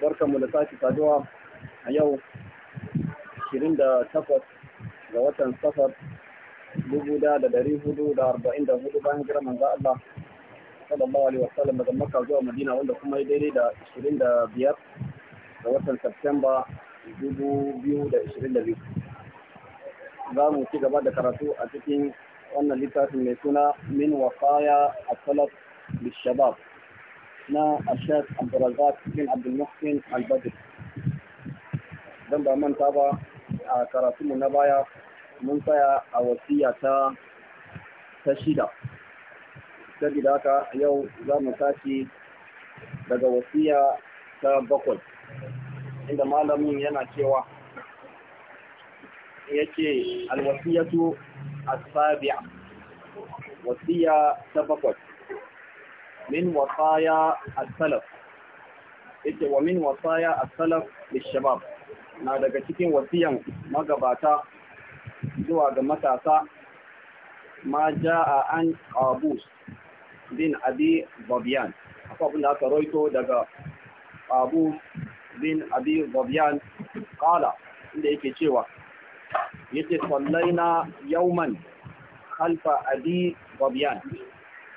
barkanmu da sake saduwa a yau 28 ga watan safar 1444 bayan jira za' Allah sallallahu alaihi wasallam daga Makka zuwa Madina wanda kuma ya daidai da 25 ga watan Septemba 2022 za mu ci gaba da karatu a cikin wannan littafin mai suna min wasaya a salat bishabab na ashad abdulrazak bin abdulmuhsin albadr don ba manta ba a karatunmu na baya mun tsaya a wasiya ta ta shida sabida haka yau za mu tashi daga wasiya ta bakwai inda malamin yana cewa yake alwasiyatu asabi'a wasiya ta bakwai min wasaya as-salaf yake wa min wasaya salaf lishabab na daga cikin wasiyan magabata zuwa ga matasa ma a an qabus bin abi babiyan akwai da aka roito daga abu bin abi babiyan kala inda yake cewa kwallai na yauman khalfa abi babiyan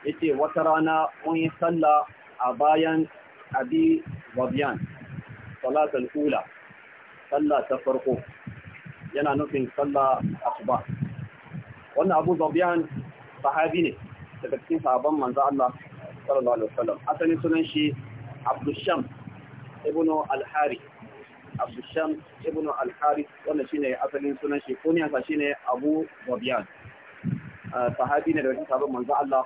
ce wata rana mun yi sallah a bayan abi wabiyan salatul Kula, sallah ta farko yana nufin sallah asuba wannan abu zabiyan sahabi ne daga cikin sahabban manzo Allah sallallahu alaihi wasallam asalin sunan shi Abdushan ibn al hari Abdushan ibn al hari wannan shine asalin sunan shi kuniyansa shine Abu Zabiyan ah, sahabi ne daga cikin sahabban manzo Allah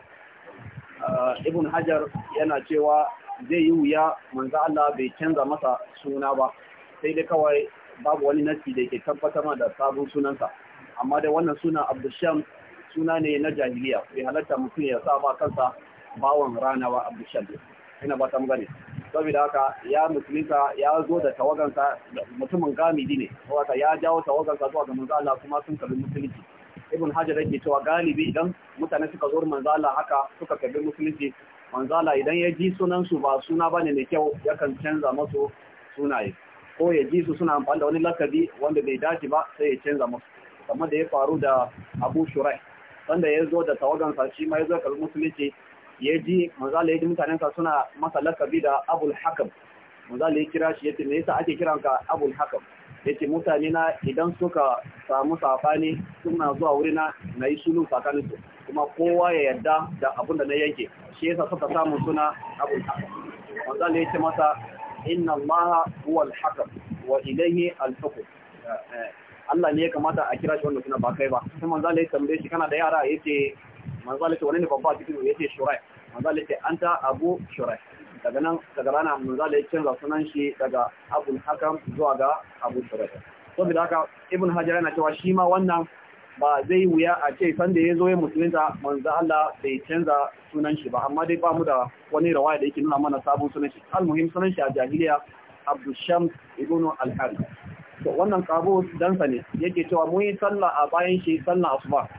Uh, ibn hajar yana cewa zai yi wuya manzo Allah bai canza masa suna ba sai dai kawai babu wani nasi da ke tabbatar da sabon sunansa amma da wannan suna abdusham suna ne na jahiliya bai halatta mutum ya sa ba kansa bawan rana ba abdusham ina ba ta gane saboda haka ya musulunta ya zo da tawagansa mutumin gamidi ne ya jawo tawagansa zuwa ga manzo Allah kuma sun karbi musulunci ibn hajar yake cewa galibi idan mutane suka zo manzala haka suka karbi musulunci manzala idan ya ji sunansu ba suna bane ne kyau yakan canza masu sunaye ko ya ji su suna amfani da wani lakabi wanda bai dace ba sai ya canza masu kamar da ya faru da abu shurai wanda ya zo da tawagansa shi ma ya zo karbi musulunci ya ji manzala ya ji mutanensa suna masa lakabi da abul hakam manzala ya kira shi ya ce me yasa ake kiranka abul hakam yace mutane na idan suka samu safani suna zuwa wurina na yi sulu tsakanin su kuma kowa ya yarda da abin da na yanke shi yasa suka samu suna abul hakam ne yace masa inna maha huwa hakam wa ilayhi al-hukm Allah ne ya kamata a kira shi wanda suna ba kai ba sai manzo Allah ya tambaye shi kana da yara yace manzo Allah ya ce wani ne babba cikin yace shurai manzo Allah ya ce anta abu shurai daga nan daga rana Munza da ya canza sunan shi daga abul hakam zuwa ga abu shuraka saboda haka ibn hajar yana cewa shi ma wannan ba zai wuya a ce sanda ya zo ya musulunta manzo Allah bai canza sunan shi ba amma dai ba mu da wani rawaya da yake nuna mana sabon sunan shi almuhim sunan shi a jahiliya abdushams ibn al-harith to wannan kabo dansa ne yake cewa mun yi sallah a bayan shi sallah asuba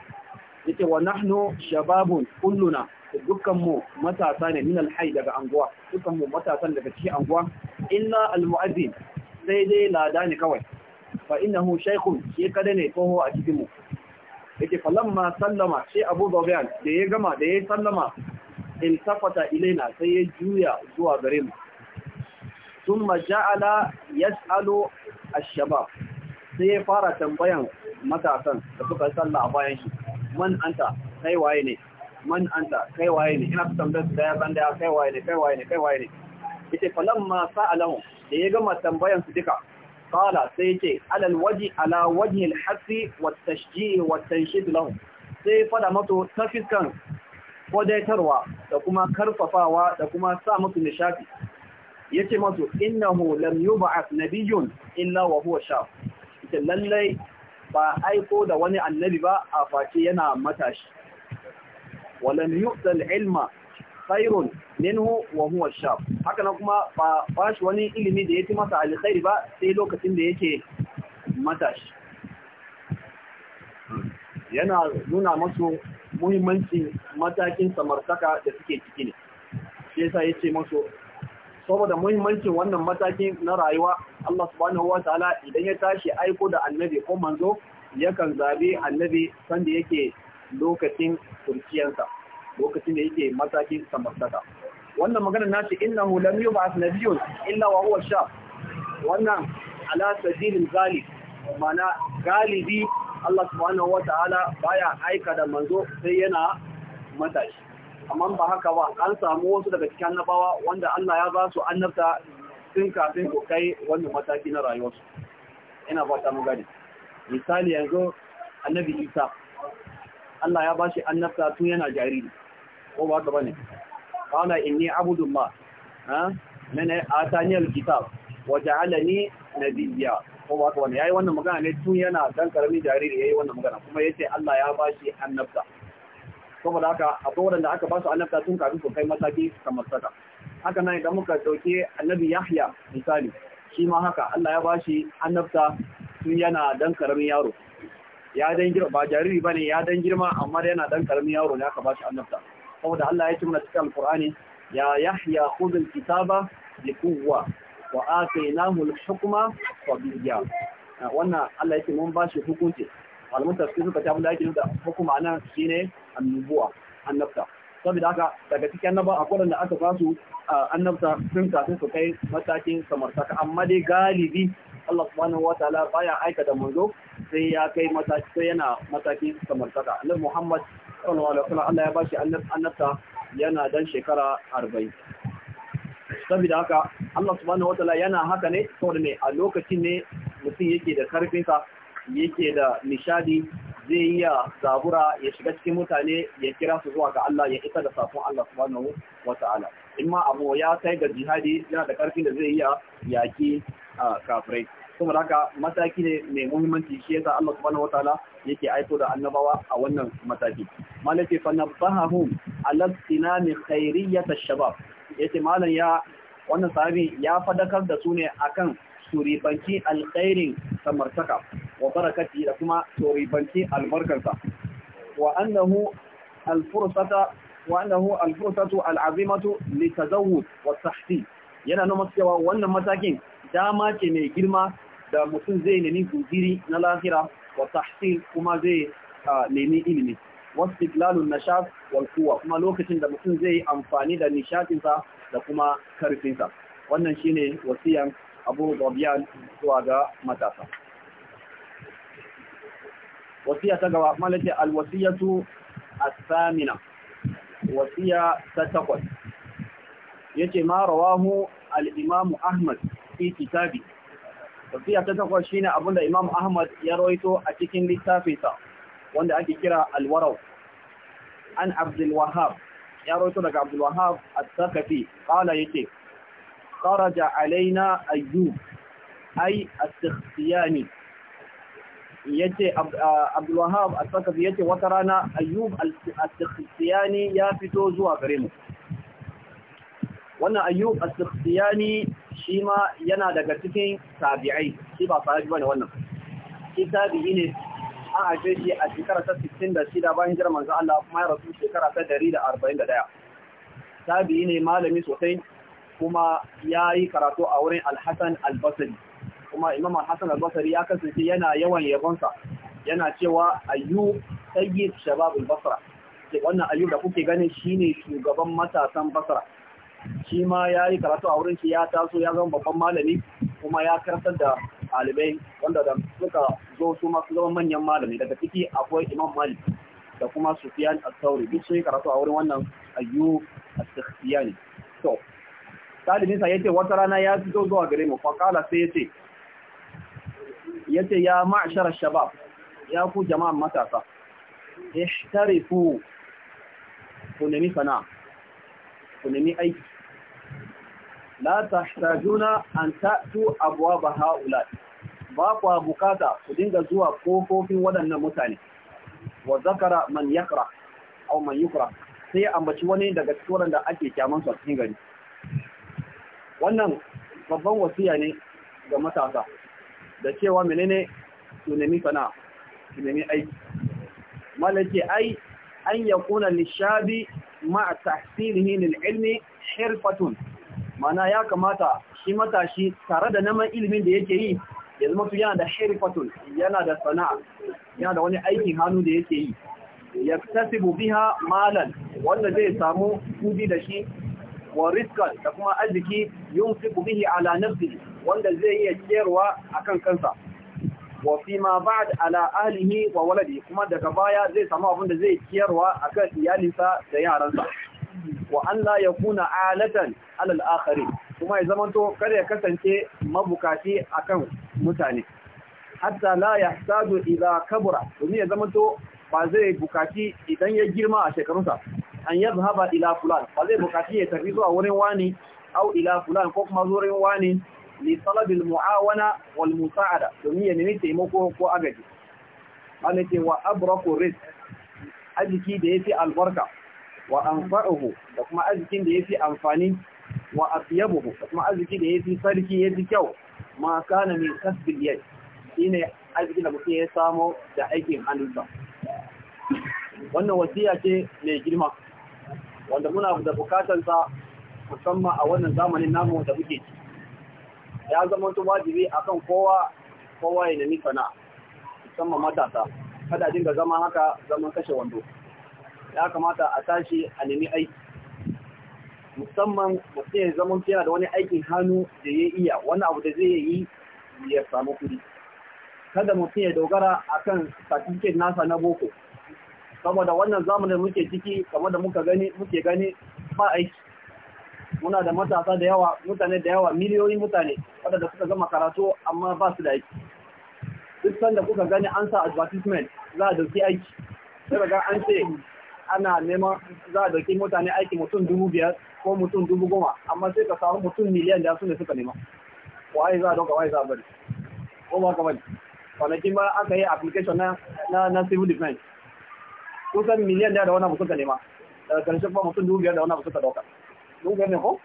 yake wa nahnu shababun kulluna dukkan mu matasa ne min alhai daga anguwa dukkan mu matasan daga cikin anguwa illa almu'azzin sai dai lada ne kawai fa innahu shaykhun shi kada ne toho a cikin mu yake falamma sallama shi Abu Dhabian da ya gama da ya sallama iltafata ilaina sai ya juya zuwa gare mu thumma ja'ala yas'alu ash-shabab sai ya fara tambayan matasan da suka salla a bayan shi man anta sai waye ne man anta kai waye ne ina tambayar da ya banda kai waye ne kai waye ne kai waye ne yace falamma sa'alahum da ya gama tambayan su duka qala sai yace alal waji ala wajhi al hasi wa tashjih wa tanshid lahum sai fada mato ta fiskan kodaitarwa da kuma karfafawa da kuma sa musu nishafi yace mato innahu lam yub'ath nabiyyun illa wa huwa shaf ita lallai ba aiko da wani annabi ba a face yana matashi ولم يؤت ilma خير منه wa الشاب haka nan kuma ba ba shi wani ilimi da yake masa alkhairi ba sai lokacin da yake matashi yana nuna masu muhimmancin matakin samartaka da suke ciki ne shi yasa yace masu saboda muhimmancin wannan matakin na rayuwa Allah subhanahu wataala idan ya tashi aiko da annabi ko manzo yakan zabe annabi sanda yake lokacin turkiyansa lokacin da yake matakin samartaka wannan magana nashi innahu lam yub'ath nabiyyun illa wa huwa sha. wannan ala sajilin galib mana galibi Allah subhanahu ta'ala baya aika da manzo sai yana matashi amma ba haka ba an samu wasu daga cikin annabawa wanda Allah ya ba su annabta tun kafin su kai wannan mataki na rayuwarsu ina fata mu gani misali yanzu annabi Isa Allah ya bashi annabta tun yana jariri ko ba ta bane qala inni abudullah ha mana atani alkitab wa na nabiyya ko ba ta bane ya yi wannan magana ne tun yana ɗan ƙaramin jariri Ya yi wannan magana kuma ya ce Allah ya bashi annabta saboda haka akwai wanda aka ba su annabta tun kafin su kai mataki kamar saka haka nan idan muka dauke annabi Yahya misali shi ma haka Allah ya bashi annabta tun yana ɗan ƙaramin yaro ya dan girma ba jariri bane ya dan girma amma yana dan karamin yaro ne aka ba shi annabta saboda Allah ya ce mana cikin alqur'ani ya yahya khudh kitaba bi wa atainahu al-hukma wa ah, wannan Allah ya ce mun ba shi hukunci malamin tafsir suka ta da yake da hukuma nan shine annubuwa annabta saboda haka daga cikin annaba akwai da aka fasu annabta sun kafin su kai matakin samartaka amma dai galibi Allah subhanahu wataala baya aika da manzo sai ya kai mataki sai yana mataki samartaka annabi Muhammad sallallahu alaihi wasallam Allah ya bashi annabta yana dan shekara arba'in. saboda haka Allah subhanahu wataala yana haka ne saboda ne a lokacin ne mutum yake da karfin yake da nishadi zai iya zabura ya shiga cikin mutane ya kira su zuwa ga Allah ya isa da safon Allah subhanahu wataala in ma abu ya kai ga jihadi yana da karfin da zai iya yaki kafirai kuma da haka mataki ne mai muhimmanci shi yasa Allah subhanahu wataala yake aiko da annabawa a wannan mataki malaka fa nabahum ala sinami khairiyyat ash-shabab yace malam ya wannan sahabi ya fadakar da su ne akan suribanci alkhairin samartaka wa barakati da kuma suribanci albarkarsa wa annahu alfursata wa annahu alfursatu alazimatu litazawwud wa tahsin yana nuna cewa wannan matakin dama ce mai girma da mutum zai nemi guziri na lahira wa tahsil kuma zai nemi ilimi wasdiklalun na wal quwwa kuma lokacin da mutum zai amfani da nishaɗinsa da kuma karfinsa wannan shine wasiyan Abu Dhabiyan zuwa ga matasa wasiya ta gaba malaka al alwasiyatu a samina wasiya ta takwas yace ma rawahu al-imam Ahmad fi kitabi tafiya ta takwas shine abinda Imam Ahmad ya rawaito a cikin littafinsa wanda ake kira alwarau an abdulwahab ya rawaito daga abdulwahab a As-Sakafi qala yake kharaja alaina ayyub ay as-sikhtiyani yace Abdul Wahhab As-Sakafi yace wata rana ayyub as-sikhtiyani ya fito zuwa gare mu wannan ayyub as-sikhtiyani shi ma yana daga cikin tabi'ai shi ba sahabi bane wannan shi tabi'i ne an haife shi a shekara ta 66 bayan jiran manzo Allah kuma ya rasu shekara ta 141 tabi'i ne malami sosai kuma ya yi karatu a wurin Al-Hasan Al-Basri kuma Imam Al-Hasan Al-Basri ya kasance yana yawan yabonsa yana cewa ayyub sayyid shabab al-Basra wannan ayyub da kuke ganin shine shugaban matasan Basra shi ma ya yi karatu a wurin shi ya taso ya zama babban malami kuma ya karatar da ɗalibai wanda da suka zo su masu zama manyan malami daga ciki akwai imam malik da kuma sufiyan al-sauri duk sun yi karatu a wurin wannan ayyu al-sakhtiyani to ɗalibin sa yace wata rana ya fito zuwa gare mu fa kala sai yace yace ya ma'shar shabab ya ku jama'a matasa ishtarifu ku nemi sana'a ku nemi aiki la juna an ta'tu abwaba haula ba kwa bukata ku dinga zuwa kofofin waɗannan mutane wa zakara man yakra aw man yukra sai ambaci wani daga cikin da ake kyaman su a cikin gari wannan babban wasiya ne ga matasa da cewa menene su nemi sana'a su nemi aiki malaki ai an yakuna lishabi ma tahsilihi lil ilmi hirfatun mana ya kamata shi matashi tare da naman ilimin da yake yi ya zama yana da sharifatun yana da sana'a yana da wani aikin hannu da yake yi ya tasibu biha malan wanda zai samu kudi da shi wa riskan da kuma arziki yun fiku bihi ala nafsi wanda zai iya ciyarwa kan kansa wa fi ma ba'd ala ahlihi wa waladi kuma daga baya zai samu abin da zai ciyarwa akan iyalinsa da yaransa wa Allah ya kuna alatan alal akhari kuma ya zamanto kada ya kasance mabukati akan mutane hatta la yahtaju ila kabura domin ya zamanto ba zai bukaci idan ya girma a shekarunsa an yadhhaba ila fulan ba zai bukaci ya tafi zuwa wurin wani au ila fulan ko kuma zuwa wani li talabil muawana wal musa'ada domin ya nemi taimako ko agaji ana ce wa abraku rizq ajiki da yafi albarka wa anfa'uhu da kuma arzikin da yafi amfani wa atyabuhu da kuma arziki da yafi sarki yafi kyau ma kana min kasbil yad shine arziki da mutum ya samo da aikin hannunsa wannan wasiya ce mai girma wanda muna da bukatar sa musamman a wannan zamanin namu da muke ci ya zama to wajibi akan kowa kowa ya nemi sana'a musamman matasa kada dinga zama haka zaman kashe wando ya kamata a tashi a nemi aiki musamman mutum ya zama yana da wani aikin hannu da ya iya wani abu da zai yi ya samu kuɗi kada mutum ya dogara kan certificate nasa na boko saboda wannan zamanin muke ciki kamar da muka gani muke gani ba aiki muna da matasa da yawa mutane da yawa miliyoyin mutane waɗanda suka gama karatu amma ba su da aiki duk sanda kuka gani an sa advertisement za a dauki aiki sai ga an ce ana neman za a dauki mutane aiki mutum dubu biyar ko mutum dubu goma amma sai ka samu mutum miliyan da su ne suka nema ai za a dauka wai za a bari ko ba ka bari kwanakin ba aka yi application na na na civil defense kusan miliyan da wani abu suka nema daga karshe kuma mutum dubu biyar da wani abu suka dauka dubu biyar ne ko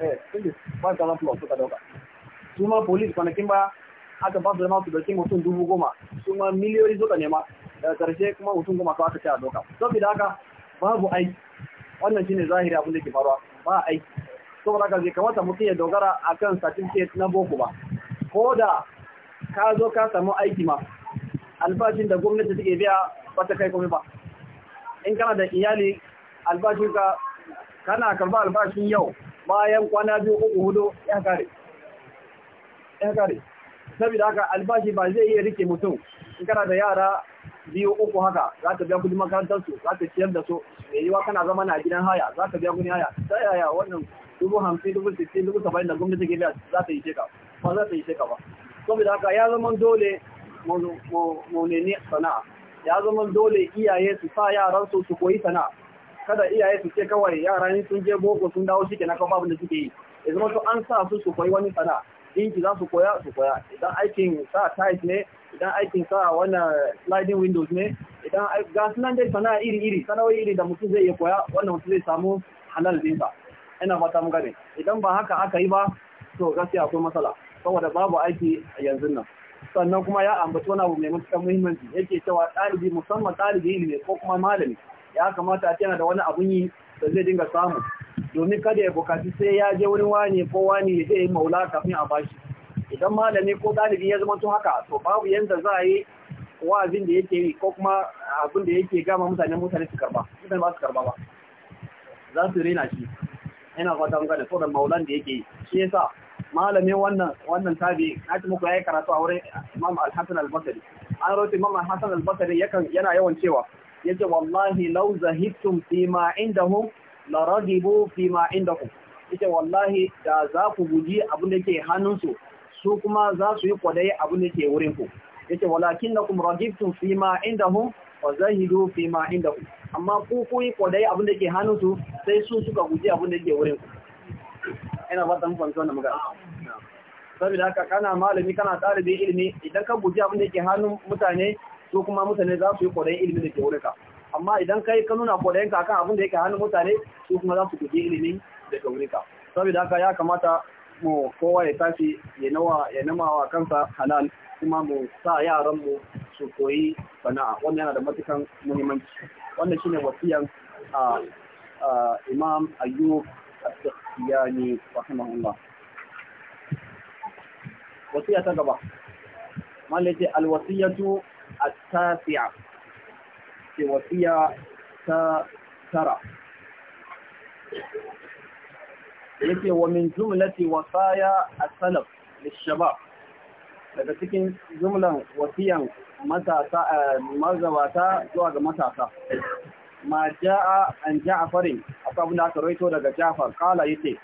eh ba ka zan plus suka dauka su ma police kwanakin ba aka ba su zama su dauki mutum dubu goma su ma miliyoyi suka nema karshe kuma hutun kuma aka ce a doka saboda haka babu aiki wannan shine zahiri abin da ke faruwa ba aiki saboda haka zai kamata mutum ya dogara akan certificate na boko ba ko da ka zo ka samu aiki ma albashin da gwamnati take biya ba ta kai komai ba in kana da iyali albashin ka kana karba albashin yau bayan kwana biyu uku hudu ya kare ya kare saboda haka albashi ba zai iya rike mutum in kana da yara biyu uku haka za ka biya kudin makarantarsu su za ka ciyar da su mai yiwa kana zama na gidan haya za ka biya kudin haya ta yaya wannan dubu hamsin dubu sittin dubu saba'in da gwamnati ke biya za ta yi ka ba za ta yi ka ba saboda haka ya zama dole mu nemi sana'a ya zama dole iyaye su sa yaran su su koyi sana'a kada iyaye su ce kawai yaran sun je boko sun dawo shi kenan kawai babu da suke yi ya zama to an sa su su koyi wani sana'a dinki za su koya su koya idan aikin sa tiles ne idan aikin sa wannan sliding windows ne idan ga sunan dai sana'a iri iri sana'o'i iri da mutum zai iya koya wannan mutum zai samu halal ɗinsa ina fata mun gane idan ba haka aka yi ba to gaskiya akwai matsala saboda babu aiki a yanzu nan sannan kuma ya ambaci wani abu mai matuƙar muhimmanci yake cewa ɗalibi musamman ɗalibi ilimi ko kuma malami ya kamata a yana da wani abun yi da zai dinga samu domin kada ya bukaci sai ya je wurin wani ko wani ya yi maula kafin a bashi idan malami ko ɗalibi ya zama tun haka to babu yanda za a yi wa'azin da yake yi ko kuma abin da yake gama mutane mutane su karba mutane ba su karba ba za su rena shi yana fata muka da sauran maulan da yake yi shi yasa malamin wannan wannan tabi na ci muku yayi karatu a wurin Imam Al-Hasan Al-Basri an rawaito Imam Al-Hasan Al-Basri yakan yana yawan cewa yace wallahi law zahittum fi ma indahum la ragibu fi ma indakum ita wallahi da za ku guji abin da ke hannunsu su kuma za su yi kwadai abin da ke wurin ku yace walakinnakum ragibtum fi ma indahum wa zahidu fi ma indahum amma ku ku yi kwadai abin da ke hannunsu sai su suka guji abin da ke wurin ku ina ba ta mun wannan magana saboda haka kana malami kana ɗalibin ilimi idan ka guji abin da ke hannun mutane su kuma mutane za su yi kwadai ilimin da ke wurin ka amma idan kai ka nuna kodayenka akan abin da yake hannun mutane su kuma za su kuɗi ilimi da kaurinka saboda haka ya kamata mu kowa ya tafi ya nawa ya wa kansa halal kuma mu sa yaran mu su koyi sana'a wannan yana da matukan muhimmanci wannan shine wasiyan a imam ayyub as-sakhtiyani rahimahullah wasiya ta gaba malaji alwasiyatu at-tasi'a ce wasiya ta tara yake wa min jumlati wasaya a salaf da shabab daga cikin jumlan wasiyan matasa eh, mazawata zuwa ga matasa ma ja'a an ja'farin akwai da aka raito daga Ja'far kala yace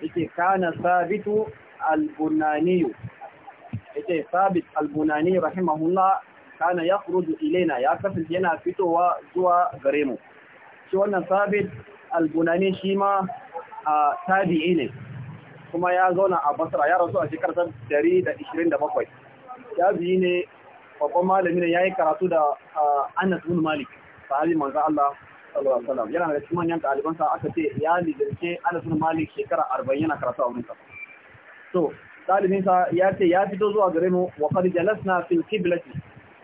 yace kana sabitu al-bunani yace sabit al-bunani rahimahullah kana ya kurudu ilaina ya kasance yana fitowa zuwa gare mu shi wannan sabit albunani shi ma a tabi'i ne kuma ya zauna a basra ya rasu a shekarar 127 tabi'i ne babban malami ne yi karatu da Anas bin Malik sahabi manzo Allah sallallahu alaihi wasallam yana da cikin manyan ɗaliban sa aka ce ya lizince Anas bin Malik shekara arba'in yana karatu a wurin sa to ɗalibin ya ce ya fito zuwa gare mu wa qad jalasna fil qiblati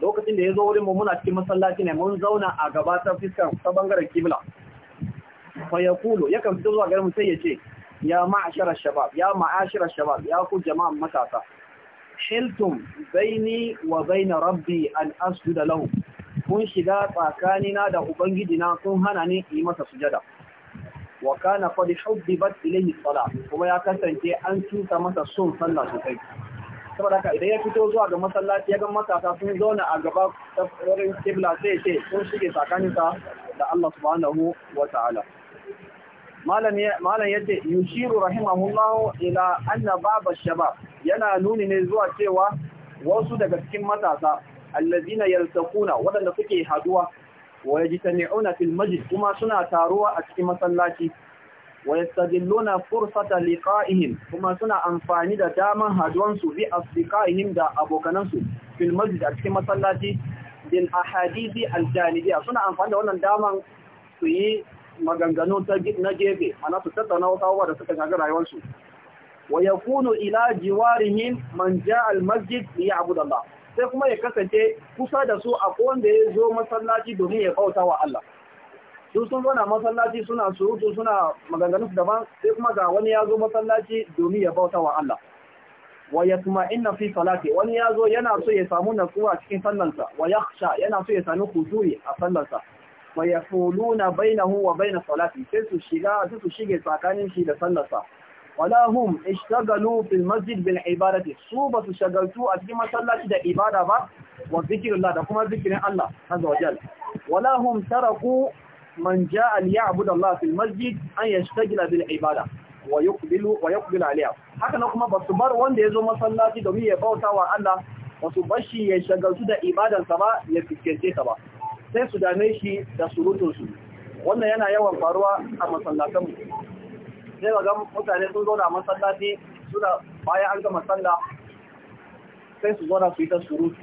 lokacin da ya zo wurin muna cikin masallaci ne mun zauna a gaba ta fiskar ta bangaren kibla fa ya kulo, ya kan fito zuwa garin sai ya ce ya ma'ashara shabab ya ma'ashara shabab ya ku jama'an matasa shiltum baini wa baina rabbi an asjuda lahu kun shiga tsakanina da ubangiji na kun hana ni yi masa sujada wa kana qad hubbibat ilayhi salat kuma ya kasance an tuta masa son sallah sosai saboda haka idan ya fito zuwa ga masallaci ya ga matasa sun zauna a gaba wurin kibla sai ce sun shige tsakaninsa da Allah subhanahu wa ta'ala malam yace yushiru rahimahullahu ila anna baba shabab yana nuni ne zuwa cewa wasu daga cikin matasa allazina yaltaquna wadanda suke haduwa wa yajtami'una fil majlis kuma suna taruwa a cikin masallaci wa yastadilluna fursata liqa'ihim kuma suna amfani da daman haduwan su bi asdiqa'ihim da abokanansu su fil masjid a cikin masallaci din ahadisi aljanibiya suna amfani da wannan daman su yi maganganu na gefe ana su tattauna wasu abubuwa da suka shafi rayuwar su wa yakunu ila jiwarihim man ja'a al masjid li ya'budu Allah sai kuma ya kasance kusa da su a wanda ya zo masallaci domin ya bauta wa Allah Duk sun zauna masallaci suna surutu suna maganganun daban sai kuma ga wani ya zo masallaci domin ya bauta wa Allah wa inna fi salati wani ya zo yana so ya samu natsuwa cikin sallansa wa yakhsha yana so ya sami kuturi a sallansa wa yafuluna bainahu wa bain salati sai su shiga sai su shige tsakanin shi da sallarsa wala hum ishtagalu fil masjid bil ibadati su ba su shagaltu a cikin masallaci da ibada ba wa zikrillah da kuma zikirin Allah azza wa jalla wala hum taraku Manja, Ali, liya'budu Allah fil masjid an yashtagila bil ibada wa yuqbilu wa yuqbil haka na kuma basu bar wanda ya zo masallaci domin ya bauta wa Allah basu bashi ya shagaltu da ibadarsa ba ya fiskece ta ba sai su dame shi da surutunsu. wannan yana yawan faruwa a masallatan sai ga mutane sun zauna masallaci suna bayan an gama sallah sai su zauna su yi ta surutu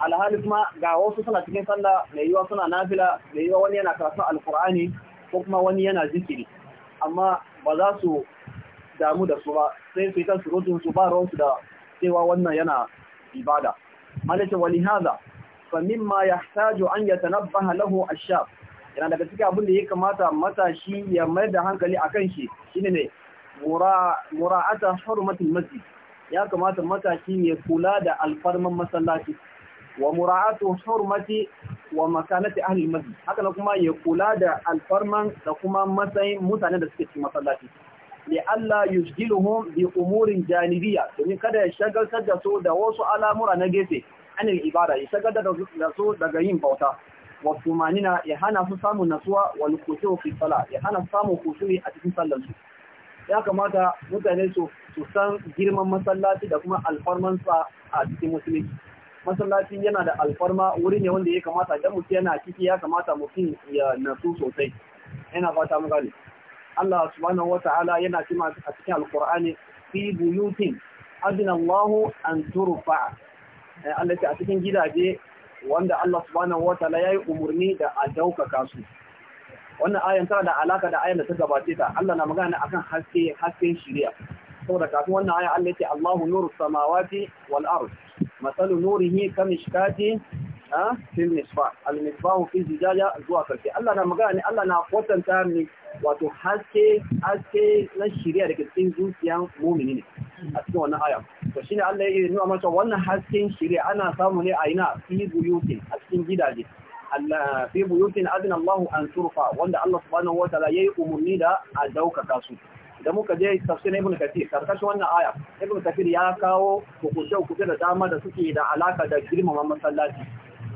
Alhali kuma ga wasu suna cikin sallah mai yiwa suna nafila mai yiwa wani yana karatun alkur'ani ko kuma wani yana zikiri amma ba za su damu da su ba sai su yi ta surutun su ba ruwansu da cewa wannan yana ibada malaka wani haza, fa mimma yahtaju an yatanabbaha lahu ash-shab yana daga cikin abin da ya kamata matashi ya mai da hankali a kan shi shine ne mura'ata hurmatul masjid ya kamata matashi ya kula da alfarman masallaci wa mura'atu hurmati wa makanati ahli masjid haka na kuma ya kula da alfarman da kuma matsayin mutanen da suke cikin masallaci li Allah yusjiluhum bi umurin janibiyya domin kada ya shagaltar da su da wasu al'amura na gefe anil ibada ya shagaltar da su daga yin bauta wa tumanina ya hana su samun natsuwa wa khushu fi salat ya hana su samun kusuri a cikin sallar su ya kamata mutane su san girman masallaci da kuma alfarmansa a cikin musulunci masallaci yana da alfarma wuri ne wanda ya kamata idan mutum yana ciki ya kamata mutum ya nasu sosai yana fata mu gani Allah subhanahu wata'ala yana cewa a cikin alqur'ani fi buyutin adina Allah an turfa eh, Allah ce a cikin gidaje wanda Allah subhanahu wata'ala yayi umurni da a daukaka su wannan ayan tana da alaka da ayan da ta gabace ta Allah na magana akan haske hasken shari'a saboda kafin wannan aya Allah yake Allahu nuru samawati wal ard masalu nurihi kamishkati ha fil al fi zijaja zuwa karshe Allah na magana ne Allah na kwatanta ni wato haske haske na shiriya da cikin zuciyan mu'mini ne a cikin wannan aya to shine Allah ya nuna masa wannan hasken shiriya ana samu ne a ina fi buyuti a cikin gidaje Allah fi buyutin adina Allahu an turfa wanda Allah subhanahu wa ta'ala yayi umurni da a daukaka su da muka je tafsir ibn kathir karkashin wannan aya ibn kathir ya kawo hukunce hukunce da dama da suke da alaka da girmama masallaci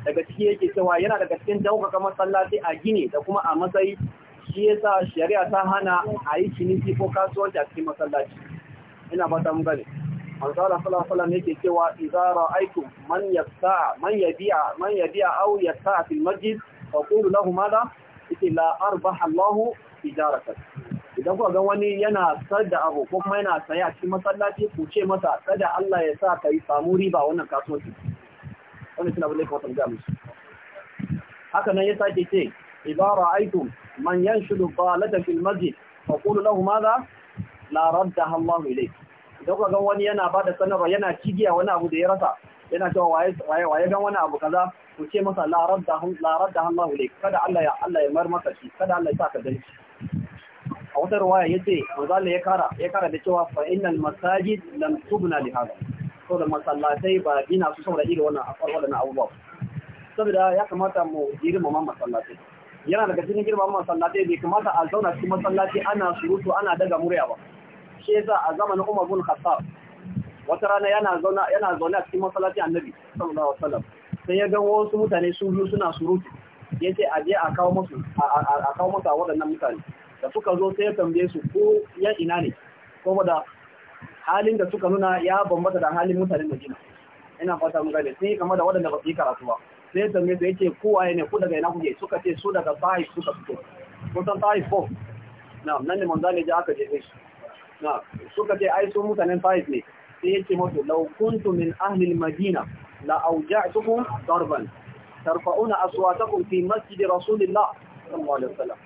daga ciki yake cewa yana daga cikin daukaka masallaci a gini da kuma a matsayi shi yasa shari'a ta hana a yi ciniki ko kasuwanci a cikin masallaci ina fata mun gane manzala sallallahu alaihi yake cewa idza ra'aytum man yasa man yabi'a man yabi'a aw yasa fil masjid faqulu lahu madha ila arbaha Allahu idan kuka gan wani yana sar da abu ko kuma yana saya a cikin masallaci ku ce masa kada Allah ya sa ka yi samu riba wannan kasuwanci wannan suna bulle kuma ga musu haka nan ya sake ce ibara Aitu, man yanshudu balata fil masjid fa qulu lahu madha la raddaha Allah ilayk idan kuka gan wani yana bada sanarwa yana cigiya wani abu da ya rasa yana cewa waye waye waye gan wani abu kaza ku ce masa la raddaha la raddaha Allah ilayk kada Allah ya Allah ya mar masa shi kada Allah ya sa ka danci wata ruwaya yace wazalla ya kara ya kara da cewa fa innal masajid lam tubna li hada da masallatai ba gina su saboda irin wannan akwai wannan abubuwa saboda ya kamata mu girma ma masallatai yana daga cikin girma ma masallatai bai kamata a zauna cikin masallaci ana surutu ana daga murya ba shi yasa a zamanin Umar bin Khattab wata rana yana zauna yana zauna cikin masallaci Annabi sallallahu alaihi wasallam sai ya ga wasu mutane su biyu suna surutu yace a je a kawo musu a kawo musu waɗannan mutane da suka zo sai ya tambaye su ko ya ina ne kuma da halin da suka nuna ya bambata da halin mutanen Madina ina fata mun gane sai kamar da waɗanda ba su yi karatu ba sai tambaye su yace ko waye ne ku daga ina kuke suka ce su daga Taif suka fito ko san Taif ko na nan ne manzo ja aka je shi na suka ce ai su mutanen Taif ne sai yace musu law kuntum min ahli al-Madina la awja'tukum darban tarfa'una aswatakum fi masjid rasulillah sallallahu alaihi wasallam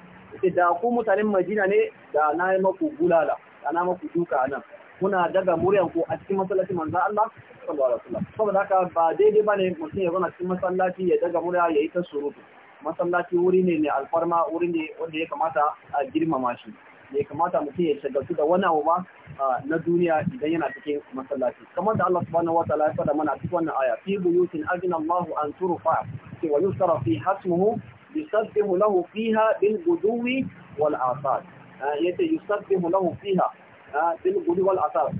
da ku mutanen Madina ne da na yi maku bulala da na maku duka nan kuna daga muryan ku a cikin masallaci manzo Allah sallallahu alaihi wasallam saboda haka ba daidai bane mutum ya zauna cikin masallaci ya daga murya ya yi ta surutu masallaci wuri ne mai alfarma wuri ne wanda ya kamata a girmama shi ya kamata mutum ya shagaltu da wani abu ba na duniya idan yana cikin masallaci kamar da Allah subhanahu wataala ya faɗa mana cikin wannan aya fi buyutin azina Allahu an turfa wa yusra fi hasmuhu yusabbihu lahu fiha bil guduwi asar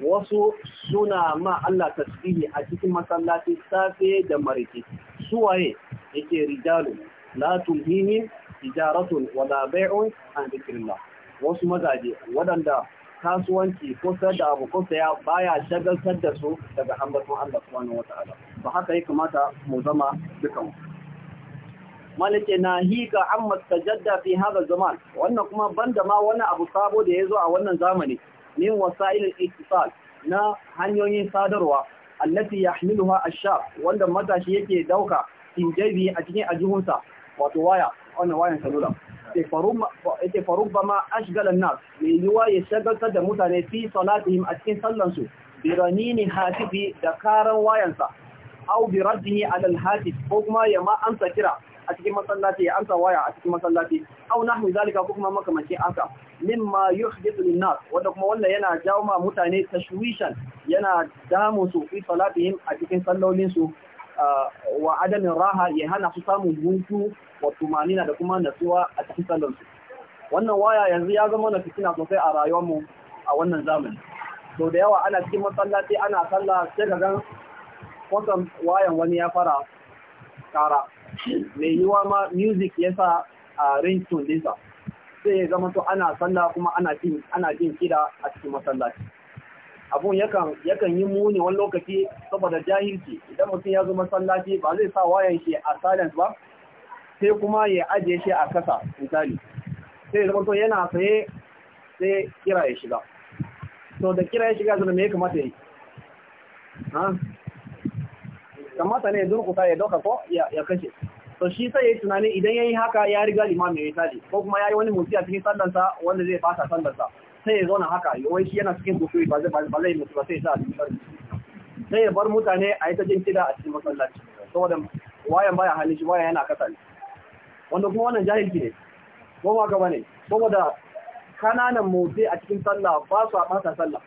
wasu suna ma Allah tasbihi a cikin masallaci safe da marike suwaye yake rijalu la tulhihim tijaratun wala bai'un an dhikrillah wasu mazaje waɗanda kasuwanci ko da abu ko saya baya shagaltar da su daga ambaton Allah subhanahu wata'ala ba haka ya kamata mu zama dukan malike na hika an mastajadda fi hada zaman wannan kuma banda ma wani abu sabo da ya zo a wannan zamani min wasa'il al na hanyoyin sadarwa allati yahmiluha ash-shab wanda matashi yake dauka in a cikin ajihunsa wato waya wannan wayan salula yake farubba ma ashgalan nas mai ya shagaltar da mutane fi salatihim a cikin sallansu biranini hatifi da karan wayansa au bi raddihi ala al ko kuma ya ma amsa kira a cikin masallaci ya amsa waya a cikin masallaci aw nahmi zalika ko kuma makamanci haka mimma yuhdithu lin-nas wanda kuma wannan yana jawo ma mutane tashwishan yana damu su fi salatihim a cikin sallolin su wa adami raha ya hana su samun hutu wa tumanina da kuma natsuwa a cikin sallon su wannan waya yanzu ya zama na fitina sosai a rayuwar mu a wannan zamani sau da yawa ana cikin masallaci ana sallah sai ka gan kwatsam wayan wani ya fara kara mai yiwa ma music sa a ringtone dinsa sai ya zama to ana sallah kuma ana jin ana a cikin masallaci abun yakan yi muni wani lokaci saboda jahilci idan mutum ya zo masallaci ba zai sa wayan shi a silence ba sai kuma ya ajiye shi a kasa misali sai ya zama to yana saye sai kira ya shiga to da kira ya shiga zai me ya kamata yi kamata ne ya durkusa ya dauka ko ya kashe to shi sai yayi tunani idan yayi haka ya riga limamin ya tadi ko kuma yayi wani mutsi a cikin sallansa wanda zai fasa sallarsa. sai ya zauna haka yawai shi yana cikin kusuri ba zai ba zai mutu ba sai ya sa sai ya bar mutane a yi ta jin kida a cikin masallaci saboda wayan baya halin shi wayan yana kasa ne wanda kuma wannan jahilci ne ko ba gaba ne saboda kananan motsi a cikin sallah ba su a ɓata sallah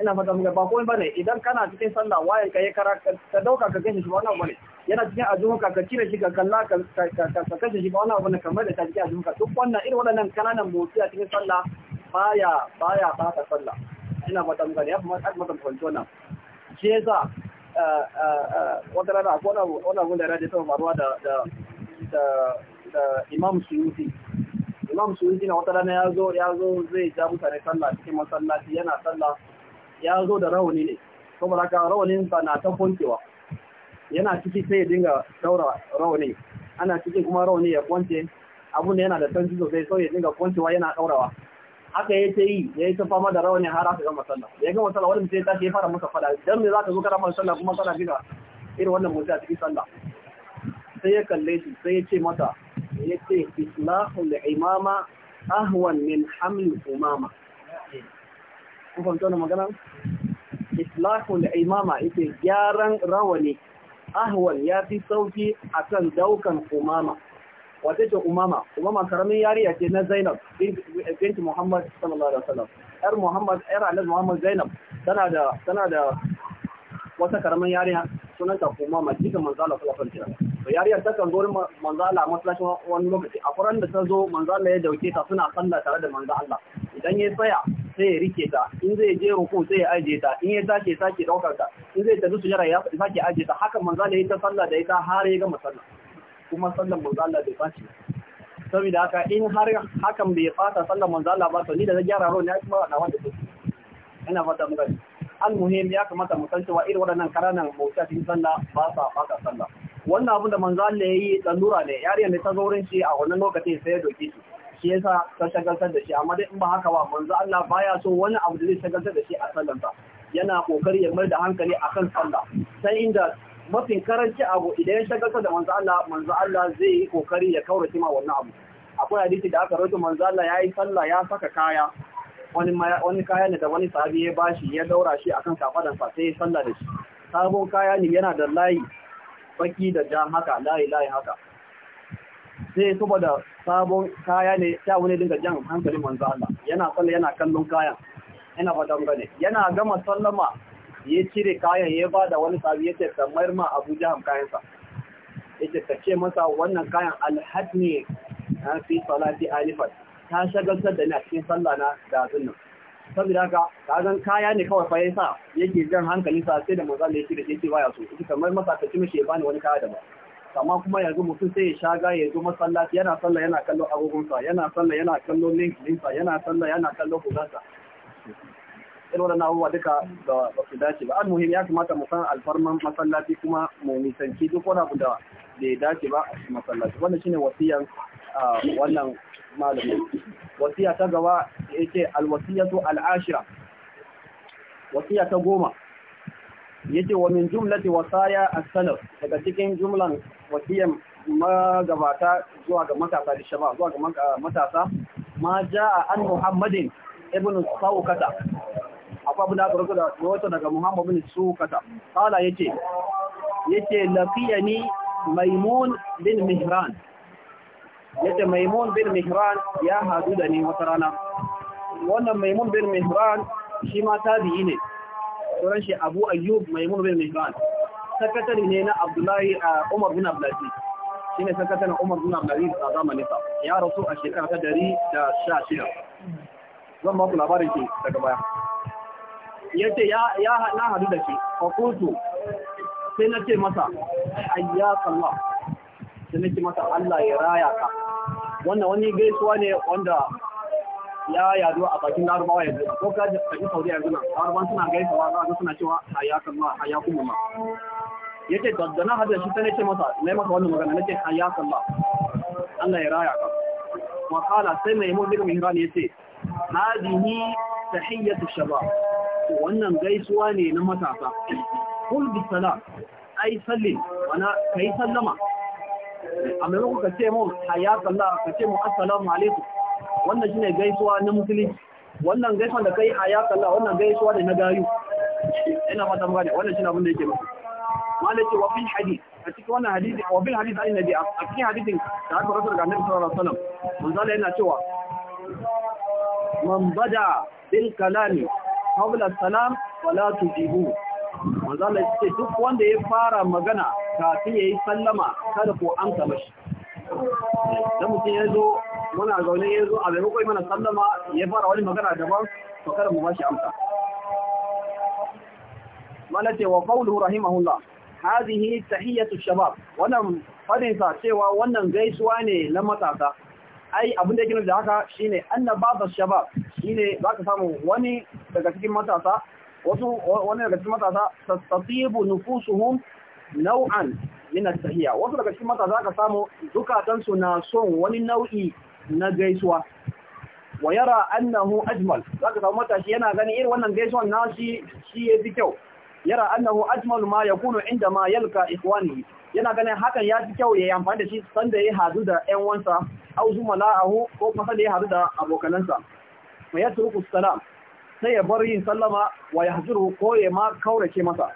ina fata muka ba komai bane idan kana cikin sallah wayan ka ya kara ka dauka ka kashe shi ba wannan bane yana cikin azuka ka cire shi ka kalla ka ka kashe shi ba wannan bane kamar da ta cikin ka duk wannan irin waɗannan kananan motsi a cikin sallah baya baya ba fata sallah ina fata muka ya kuma kuma mutum kwanto nan shi yasa eh, eh, wata rana ko wani abu da rana ta faruwa da da da imam suyuti imam suyuti na wata rana ya zo ya zo zai ja mutane sallah cikin masallaci yana sallah ya zo da rauni ne saboda ka raunin ba na ta funkewa yana ciki sai ya dinga daura rauni, ana ciki kuma rauni ya kwance abun da yana da canji sosai sai ya dinga kwancewa yana daurawa haka ya ce yi ya yi ta fama da rauni har aka gama sallah ya gama sallah wani mutum ya tashi ya fara masa fada dan me za ka zo kana fara sallah kuma kana jira irin wannan mutum a cikin sallah sai ya kalle shi sai ya ce mata ya ce islahul imama ahwan min haml umama kun fahimta wannan magana islahul imama ita gyaran rawani ahwal ya fi sauki akan daukan umama wata ce umama umama karamin yariya ce na zainab binti muhammad sallallahu alaihi wasallam yar muhammad yar alhaji muhammad zainab tana da tana da wata karamin yariya sunanta umama cikin manzala sallallahu alaihi wasallam to yariyar ta kan gurin a masallacin wani lokaci a furan da ta zo manzala ya dauke ta suna sallah tare da manzo Allah idan ya tsaya sai ya rike ta in zai je ruku sai ya aje ta in ya tashi sake daukar ta in zai tafi sujada ya sake aje ta haka manzo Allah ya ta sallah da ita har ya gama sallah kuma sallan manzo Allah bai fashi saboda haka in har hakan bai fata sallan manzo Allah ba to ni da zan gyara ron ya kuma na wanda take ina fata gani almuhim ya kamata mu san cewa irin waɗannan karanan mutatin sallah ba sa fata sallah wannan abin da manzo Allah ya yi lura ne yariyar ne ta zo wurin shi a wannan lokacin sai ya doke shi shi yasa ta shagaltar da shi amma dai in ba haka ba manzo Allah baya so wani abu da zai shagaltar da shi a sa yana kokari ya mai da hankali akan sallah sai inda mafin karanci abu idan ya shagaltar da manzo Allah manzo Allah zai yi kokari ya shi ma wannan abu akwai hadisi da aka rawaito manzo Allah yayi sallah ya saka kaya wani wani kaya ne da wani sahabi ya bashi ya daura shi akan sa sai ya sallah da shi sabon kaya ne yana da layi baki da jan haka layi layi haka sai saboda sabon kaya ne ta wani dinga jan hankalin manzo Allah yana sallah yana kallon kayan yana fata muka yana gama sallama ya cire kayan ya ba da wani sabi yace kamar ma Abu kayan sa yace ka ce masa wannan kayan alhadni fi salati alifat ta shagaltar da ni a cikin sallah na da zunnan saboda haka gan kaya ne kawai fa yasa yake jan hankalin sa sai da manzo Allah ya cire shi ya so kamar masa ta ci mishi ya bani wani kaya ba amma kuma yanzu mutum sai ya shaga ya zo masallaci yana sallah yana kallon agogonsa yana sallah yana kallon linkinsa yana sallah yana kallon kugansa irin waɗannan abubuwa duka da ba su dace ba almuhim ya kamata mu san alfarman masallaci kuma mu nisanci duk wani abu da bai dace ba a masallaci wannan shine wasiyan wannan malamin wasiya ta gaba ce alwasiyatu al'ashira wasiya ta goma yake wa min jumlati wasaya as-salaf daga cikin jumlan wasiyan magabata zuwa ga matasa da shaba zuwa ga matasa ma jaa an muhammadin ibn saukata akwai abu da aka da wata daga muhammad ibn saukata kala yake lafiya laqiyani maimun bin mihran yace maimun bin mihran ya hadu da ni wata rana wannan maimun bin mihran shi ma tabi'i ne sauran shi Abu Ayyub Maimun bin Mihran sakatari ne na Abdullahi Umar bin Abdullahi, ne shine sakataren Umar bin Abdullahi a zamanin sa ya rasu a shekara ta shida zan ba ku labarin shi daga baya ya ya ya na hadu da shi fa sai na ce masa ayyaka Allah sai na ce masa Allah ya raya ka wannan wani gaisuwa ne wanda ya yadu a bakin larubawa yanzu ko ka tafi saudi yanzu nan larubawa suna gaisawa za ga suna cewa hayakan ma kuma ma yace da na hada shi sai ce masa nayi maka wannan magana na ce nace ya ma Allah ya raya ka wa qala sai mai mun bin mihran yace hadihi tahiyatu shaba wannan gaisuwa ne na matasa kul bi salam ai salli wana kai sallama a maimakon ka ce mu hayakan Allah ka ce mu assalamu alaikum wannan shine gaisuwa na musulunci wannan gaisuwa da kai a yaƙa kalla wannan gaisuwa da na gayu ina fata mu gane wannan shine abin da yake malaki wa fil hadith a cikin wannan hadisi wa bil hadith an nabi a cikin hadisin da aka rasul daga nabi sallallahu alaihi wasallam manzala yana cewa man bada bil kalami qabla salam wala tujibu manzala yace duk wanda ya fara magana kafin yayi sallama kada ko amsa mashi dan mutum ya zo muna zaune ya zo a maimakon mana sallama ya fara wani magana daban to kada mu bashi amsa mana ce wa qawluhu rahimahullah hadhihi tahiyatu shabab wannan fadin sa cewa wannan gaisuwa ne na matasa ai abin da yake da haka shine ta shabab shine ka samu wani daga cikin matasa wasu wani daga cikin matasa tastatibu nufusuhum nau'an min at-tahiyya wasu daga cikin matasa ka samu zukatansu na son wani nau'i na gaisuwa wa yara annahu ajmal zaka samu matashi yana gani irin wannan gaisuwa na shi shi yafi kyau yara annahu ajmal ma ya yakunu inda ma yalka ikhwani yana ganin hakan ya fi kyau ya yi amfani da shi sanda ya hadu da ƴan wansa au zumala'ahu ko kuma sanda ya hadu da abokanansa fa yatruku salam sai ya bar yin sallama wa yahzuru ko ya ma kaurace masa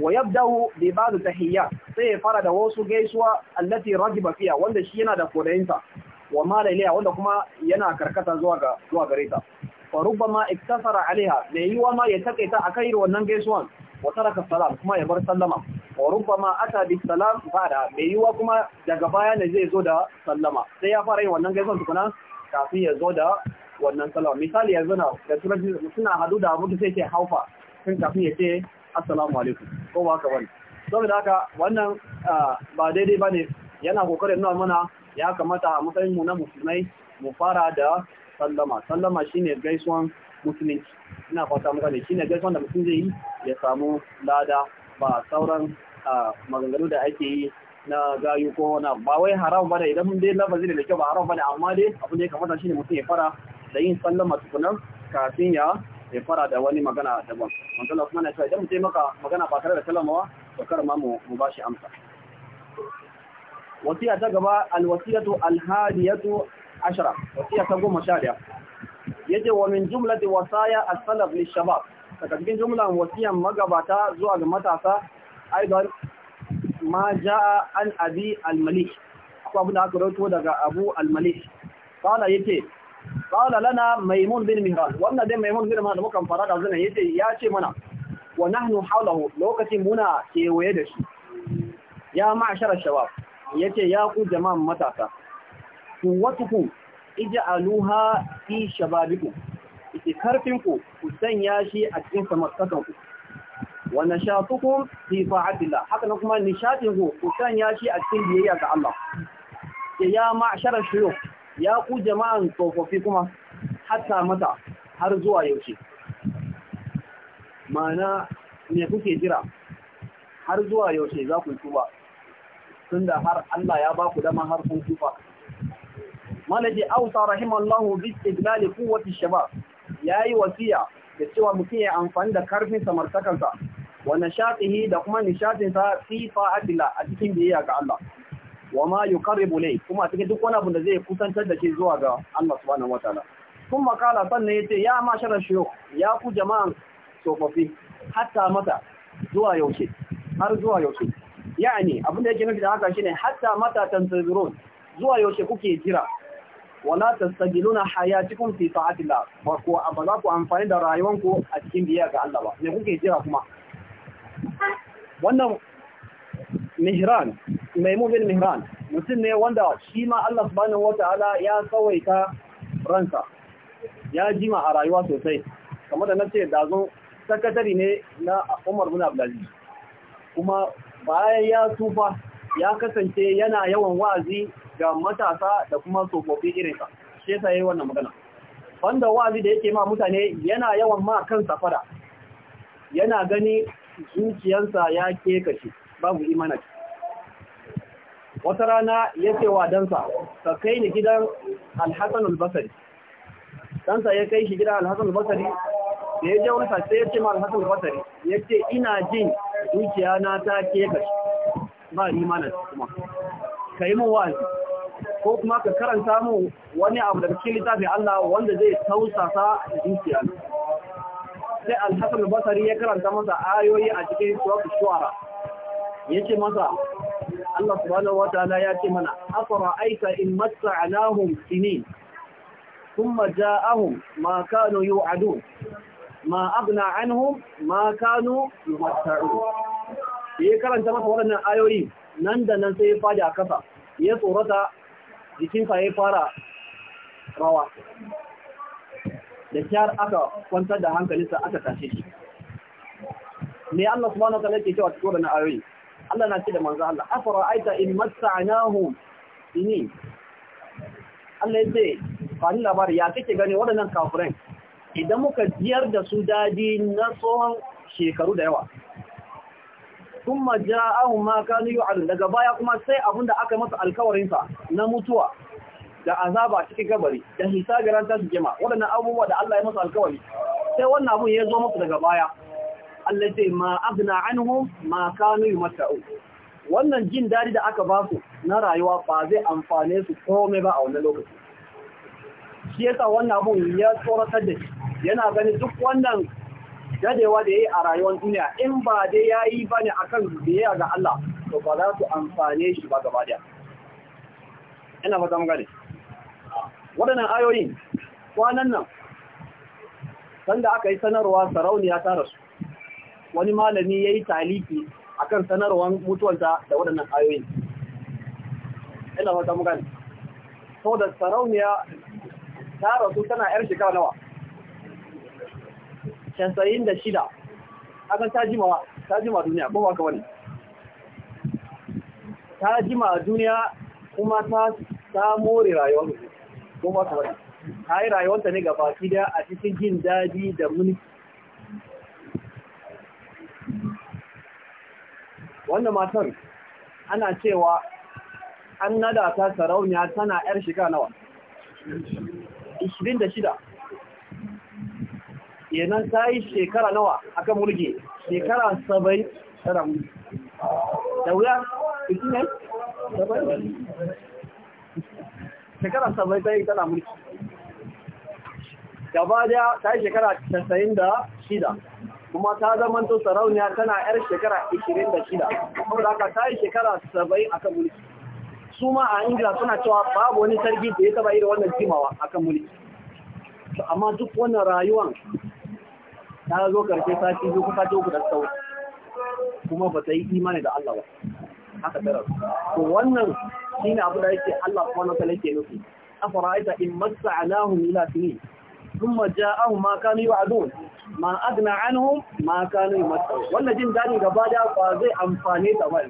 wa yabda'u bi ba'd tahiyya sai ya fara da wasu gaisuwa allati rajiba fiya wanda shi yana da kodayinsa wa malaliya wanda kuma yana karkata zuwa ga zuwa gare ta fa rubbama iktasara alaiha da yiwa ma ya takaita akai wannan gaisuwan wa taraka salam kuma ya bar sallama wa rubbama ata bi salam ba'da da yiwa kuma daga baya ne zai zo da sallama sai ya fara yin wannan gaisuwan tukuna kafin ya zo da wannan sallama misali yanzu na da turanci suna hadu da mutu sai ce haufa sun kafin ya ce assalamu alaikum ko ba haka bane saboda haka wannan ah, ba daidai ba ne yana kokarin nuna mana ya kamata a matsayin mu na musulmai mu fara da sallama sallama shine gaisuwan musulunci ina fata muka ne shine gaisuwan da mutum zai yi ya samu lada ba sauran maganganu da ake yi na gayu ko wani ba wai haram ba da idan mun dai lafazi da kyau ba haram ba amma dai abu da ya kamata shine mutum ya fara da yin sallama tukunan kafin ya ya fara da wani magana daban manzon na kuma na cewa idan mutum maka magana ba tare da sallamawa to kar ma mu bashi amsa wasiya ta gaba alwasiyatu alhadiyatu ashara wasiya ta goma sha daya yace wa min jumlati wasaya as-salaf li shabab daga cikin jumlan wasiyan magabata zuwa ga matasa aidan ma jaa an abi al-malik akwai abin da aka rawaito daga abu al-malik qala yace qala lana maimun bin mihran wannan dai maimun bin mihran da muka fara da zuna yace ya ce mana wa nahnu hawlahu lokacin muna kewaye da shi ya ma'ashara shabab yace ya ku jama'an matasa iji aluha fi shababiku ite karfin ku ku sanya shi a cikin samartakan ku wa nashatukum fi fa'atillah haka na kuma nishatin ku ku sanya shi a cikin biyayya ga Allah ya ma'sharar shuyukh ya ku jama'an tsofaffi kuma hatta mata har zuwa yaushe mana me kuke jira har zuwa yaushe za ku tuba tunda har Allah ya ba ku dama har kun kufa malaji ausa rahimallahu bi istidlal quwwati shabab yayi wasiya da cewa mutum ya amfani da karfin samartakansa wa nashatihi da kuma nishatin sa fi fa'atila a cikin biyayya ga Allah wa ma yuqarribu lay kuma cikin duk wani abu da zai kusantar da shi zuwa ga Allah subhanahu wataala kuma kala sannan ce ya mashara shuyukh ya ku jama'an tsofaffi hatta mata zuwa yaushe har zuwa yaushe yani abin da yake nufi da haka shine hatta mata tantazirun zuwa yaushe kuke jira wala tastajiluna hayatikum fi ta'atillah ba ku abaza ku amfani da rayuwanku a cikin biyar ga Allah ba me kuke jira kuma wannan mihran mai bin mihran mutum ne wanda shi ma Allah subhanahu wata'ala ya tsawaita ranka, ya jima a rayuwa sosai kamar da nace da zo sakatari ne na Umar bin Abdulaziz kuma bayan ya tufa ya kasance yana yawan wa'azi ga matasa da kuma tsofaffi irinsa shi yasa yayi wannan magana wanda wa'azi da yake ma mutane yana yawan ma kan safara yana gani zuciyarsa ya ke kashe babu imani wata rana ya ce wa dansa ka kai ni gidan alhassan albasari dansa ya kai shi gidan alhassan albasari da ya je wani sai ya ce ma hasan basari ya ce ina jin dukiya na ta ke kashi ba imanin kuma ka yi min wa'azi ko kuma ka karanta mu wani abu da cikin littafin Allah wanda zai tausasa dukiya na sai Alhassan basari ya karanta masa ayoyi a cikin shuwara Ya ce masa Allah subhanahu wataala ya ce mana afara aika in alahun sinin kuma ja'ahun ma wa yu'adun ma abna anhum ma kanu yumatta'u ya karanta masa waɗannan ayoyi nan da nan sai ya faɗi a kasa ya tsorata jikinsa ya fara rawa da kyar aka kwantar da hankalinsa aka tashi. shi me Allah subhanahu wataala yake cewa cikin wannan ayoyi Allah na ce da manzo Allah afara aita in matta'nahum ini Allah yace ba ni labari ya kake gani waɗannan kafirai idan muka ziyar da su daji na tsohon shekaru da yawa kuma ja'ahu ma kanu yu'adun daga baya kuma sai abinda aka masa alkawarinsa na mutuwa da azaba cikin gabari da hisabi ranta su jima waɗannan abubuwa da Allah ya masa alkawari sai wannan abu ya zo masa daga baya Allah ce ma agna anhum ma kanu wannan jin dadi da aka ba su na rayuwa ba zai amfane su komai ba a wannan lokaci shi yasa wannan abun ya tsoratar da shi yana ganin duk wannan dadewa da ya yi a rayuwar duniya in ba dai ya yi ba ne a kan biyayya ga Allah to ba za su amfane shi ba gaba daya ina fata gane waɗannan ayoyin kwanan nan sanda aka yi sanarwa sarauniya ta rasu wani malami ya yi taliki a kan sanarwar mutuwanta da waɗannan ayoyin ina fata gane sau da sarauniya ta rasu tana yar shekara nawa casa'in da shida aka ta jima ta jima duniya ko ba ka wani ta jima duniya kuma ta samu rayuwar rayuwa ko ba ka wani ta yi rayuwarta ne gaba daya a cikin jin daɗi da mulki wannan matar ana cewa an nada ta sarauniya tana yar shekara nawa 26 kenan ta yi shekara nawa aka mulki shekara sabai tana mulki da wuya shekara ta yi tara mulki da ta yi shekara 96 kuma ta zama to sarauniya tana yar shekara 26 kuma da aka ta yi shekara 70 aka mulki su ma a ingila suna cewa babu wani sarki da ya taba irin wannan jimawa akan mulki to amma duk wannan rayuwan ta zo karshe sati zo kusa sati uku sau kuma ba ta yi imani da Allah ba haka tara to wannan shine abu da yake Allah subhanahu wa ta'ala yake nufi afara'aita in matta'nahum ila sinin thumma ja'ahum ma kanu yu'adun ma agna anhum ma kanu yumatta'un wannan jin dani gaba da ba zai amfane da ba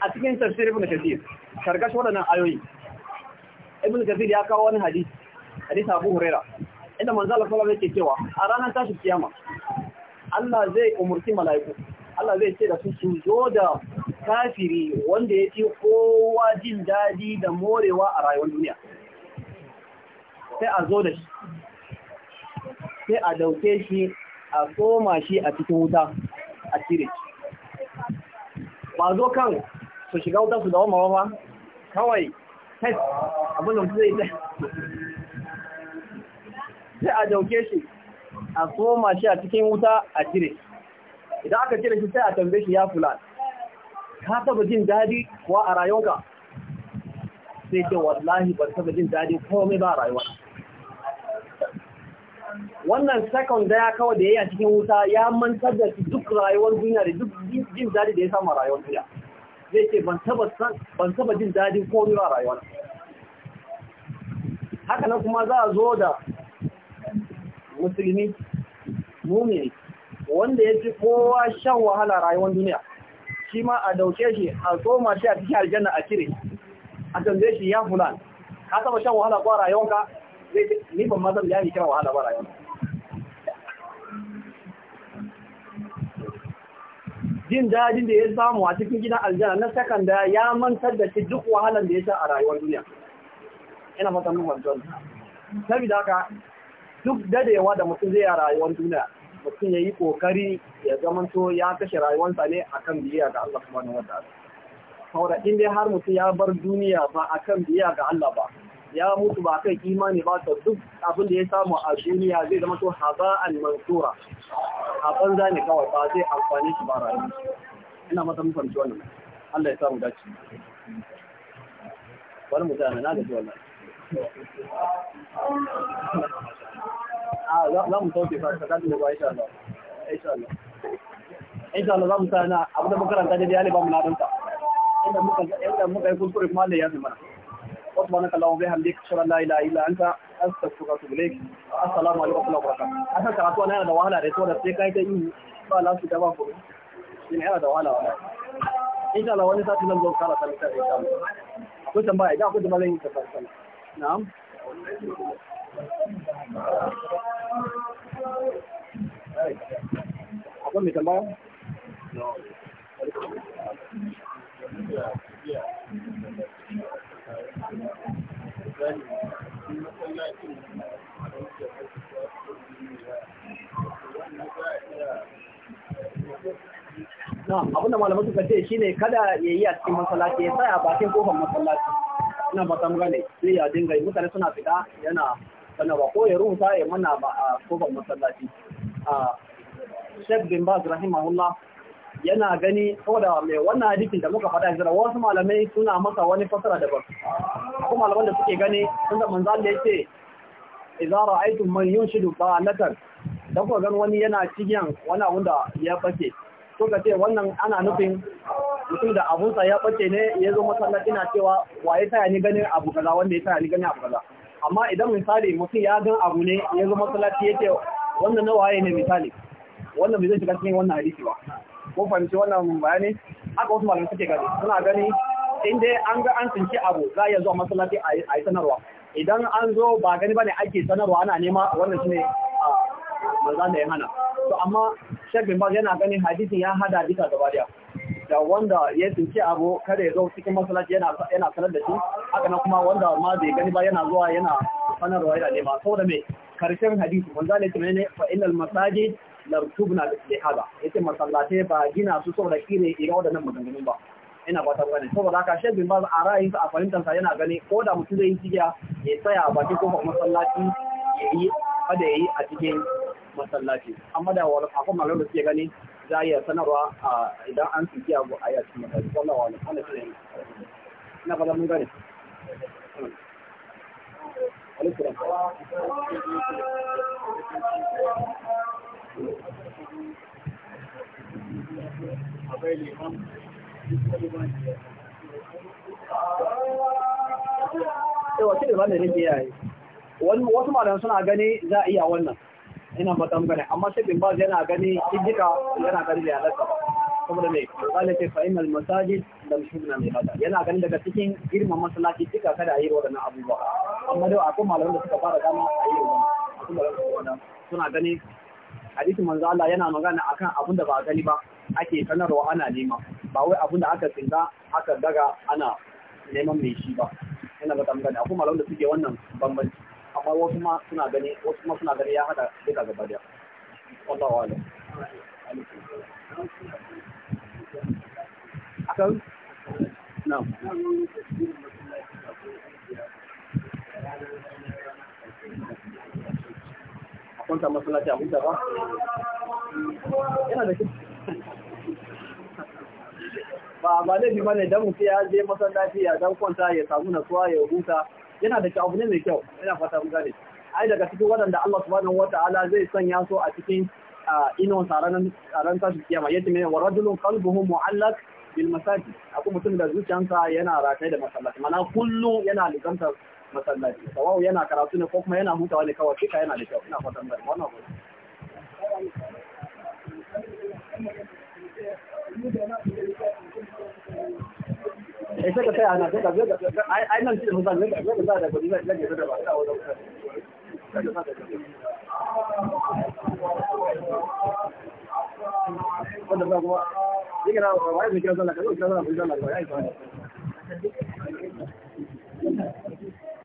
a cikin tafsir ibn kathir karkashin waɗannan ayoyi ibn kathir ya kawo wani hadisi hadisi abu huraira inda manzo Allah sallallahu cewa a ranar tashi kiyama Allah zai umurci mala'iku Allah zai ce da su su zo da kafiri wanda ya ci kowa jin daɗi da morewa a rayuwar duniya sai a zo da shi sai a dauke shi a tsoma shi a cikin wuta a cire ba zo kan su shiga wuta su dawo mawa ba kawai test abin da zai ta sai a dauke shi a soma shi a cikin wuta a cire idan aka cire shi sai a tambaye shi ya fulan ka taba jin daɗi kuwa a rayuwarka sai ce wallahi ba taba jin daɗi komai ba a rayuwa wannan second daya kawai da ya yi a cikin wuta ya mantar da duk rayuwar duniya da duk jin daɗi da ya samu rayuwar duniya zai ce ban taba jin dadin komai a rayuwa haka nan kuma za a zo da musulmi mumini wanda ya ci kowa shan wahala rayuwar duniya shi ma a dauke shi a tsoma shi a cikin aljanna a cire a tambaye shi ya fulan ka taba shan wahala ko rayuwar ka? ni ban ma zan bayani kira wahala ba rayuwar jin dadin da ya samu a cikin gidan aljanna na sakanda ya mantar da shi duk wahalar da ya sha a rayuwar duniya ina fatan wancan saboda haka duk dadewa da mutum zai a rayuwar duniya mutum ya yi kokari ya zamanto ya kashe rayuwarsa ne kan biya ga Allah subhanahu wata saboda inda dai har mutum ya bar duniya ba a kan biya ga Allah ba ya mutu ba kan imani ba ta duk abin da ya samu a duniya zai zama to haba'an mansura a banza ne kawai ba zai amfani shi ba rayu ina mata mun fahimci wannan Allah ya samu dace bari mu tsaya na gaji wallahi a za mu sauke fa ka dace ba insha Allah insha Allah insha Allah za mu tsaya na abin da makaranta da ya ba mu na danta inda muka inda muka yi kuskure kuma Allah ya fi mana subhanaka allahumma bihamdika ashhadu an la ilaha illa anta astaghfiruka wa atubu ilayk assalamu alaikum wa rahmatullahi wa barakatuh na yana da wahala da saboda sai kai ta yi ba lafi da ba gobe ina yana da wahala wala insha Allah wani sati zan zo kara ta insha Allah tambaya idan akwai tambaya zan ta fara na'am akwai mai tambaya no abinda malamai suka ce shine kada ya yi a cikin masallaci ya tsaya bakin kofar masallaci ina ba sai ya dinga yi mutane suna fita yana ba ko ya rubuta ya mana ba a kofar masallaci a ah, shek bin ba zirahim rahimahullah yana gani saboda mai wannan hadisin da muka faɗa jira wasu malamai suna masa wani fasara daban ko malaman da suke gani sun da manzo Allah yace idza ra'aytum man yunshidu ba'latan dan ko gan wani yana cikin wani abun da ya bace to ka ce wannan ana nufin mutum da abun sa ya bace ne ya zo masallaci ina cewa wa ya taya ni ganin abu kaza wanda ya taya ni ganin abu kaza amma idan misali mutum ya gan abu ne ya zo masallaci ya ce wannan na waye ne misali wannan bai zai shiga cikin wannan hadisi ba ko fahimci wannan bayani haka wasu malamai suke gani suna gani in dai an ga an tsinci abu za a iya zuwa masallaci a yi sanarwa idan an zo ba gani ba ne ake sanarwa ana nema wannan shine manzan da ya hana to amma shek ba yana ganin hadisin ya hada duka gaba daya da wanda ya tsinci abu kada ya zo cikin masallaci yana sanar da shi haka na kuma wanda ma bai gani ba yana zuwa yana sanarwa yana nema saboda me karshen hadisi manzan ne ne fa innal lartubna da hada yace masallatai ba gina su saboda kire ira wadannan maganganun ba ina ba ta gane saboda haka shek bin baz a ra'ayinsa a fahimtar sa yana gani ko da mutum zai yi jiya ya tsaya a bakin kofar masallaci ya yi kada ya yi a cikin masallaci amma da wani akwai malar da suke gani za a iya sanarwa idan an su jiya a yi a cikin masallaci wallah wa wani shi ne ina ba mun gane alaikum yawa shi da ba da nake yayi wasu malam suna gani za a iya wannan ina matan gani amma shi ba baz yana gani idika yana gani da kuma da mai misali ce fa inal masajid da mushuna mai hada yana gani daga cikin girman masallaci cika kada a yi waɗannan abubuwa amma dai akwai malaman da suka fara gama a yi wannan suna gani hadisin manzo Allah yana magana akan abin da ba gani ba ake sanarwa ana nema ba wai abin da aka tsinga aka daga ana neman mai shi ba yana ba tambaya akwai malamin da suke wannan bambanci amma wasu ma suna gani wasu ma suna gani ya hada duka gaba daya wallahi alam akan na'am kwanta masalaci a huta ba yana da ba ba bane dan mutum ya je masallaci ya dan kwanta ya samu nasuwa ya huta yana da abu ne mai kyau yana fata mun gane ai daga cikin waɗanda Allah subhanahu wataala zai sanya so a cikin inon saran saran tashi kiyama yace mai warajulun qalbuhu mu'allaq bil masajid akwai mutum da zuciyarsa yana rataye da masallaci mana kullum yana likantar masallaci sawau yana karatu ne ko kuma yana hutawa ne kawai kika yana da kyau ina fatan bari wannan ko eh ka tsaya na ai ai nan cikin mutan ne ga da da da da ba ta wanda ba kuma zai kira kira